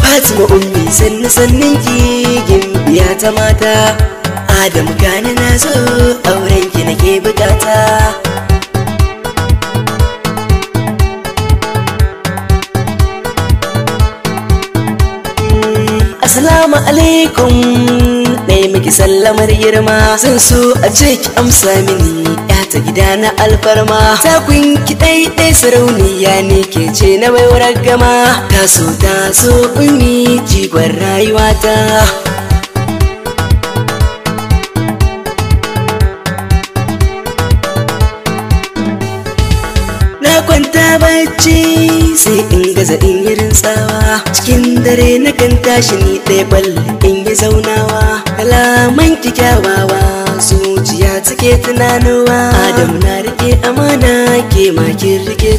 Fatima ummi sannu sannin ki gimbiya ta mata Adam gani na so auren ki na Assalamu alaikum Nai miki sallamar girma Zan so a ce ki amsa mini Ya ta gida na alfarma kun ki ɗaiɗai sarauniya ne ke ce na baiwar gama Ta so Taso taso ummi jigon ta. Na kwanta bacci sai in gaza in yi tsawa cikin dare na kan tashi ni ɗaya bal in yi zaunawa kalaman kyawawa zuciya take tunanowa adam na rike amana ke makin rike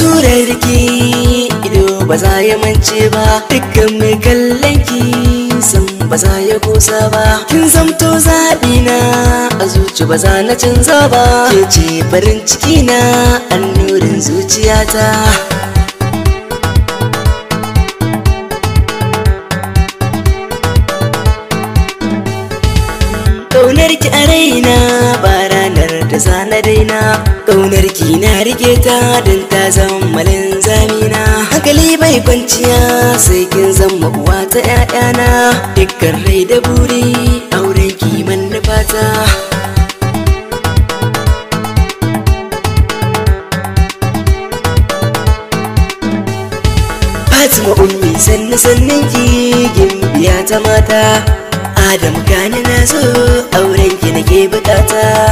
surarki ido ba za ya mance ba dukkan mai kallon ki san ba za ya kusa ba kin zamto zaɓi na a zuci ba za na canza ba ke ce farin ciki na annurin zuciyata ƙaunar ki a raina raina Kaunar ki na rike ta don ta zama malin zamina Hankali bai kwanciya sai kin zama uwa ta ƴaƴana Dukkan rai da buri auren ki na ta Fatima ummi sannu sannan kigin biya ta mata Adam gani na auren ki nake bukata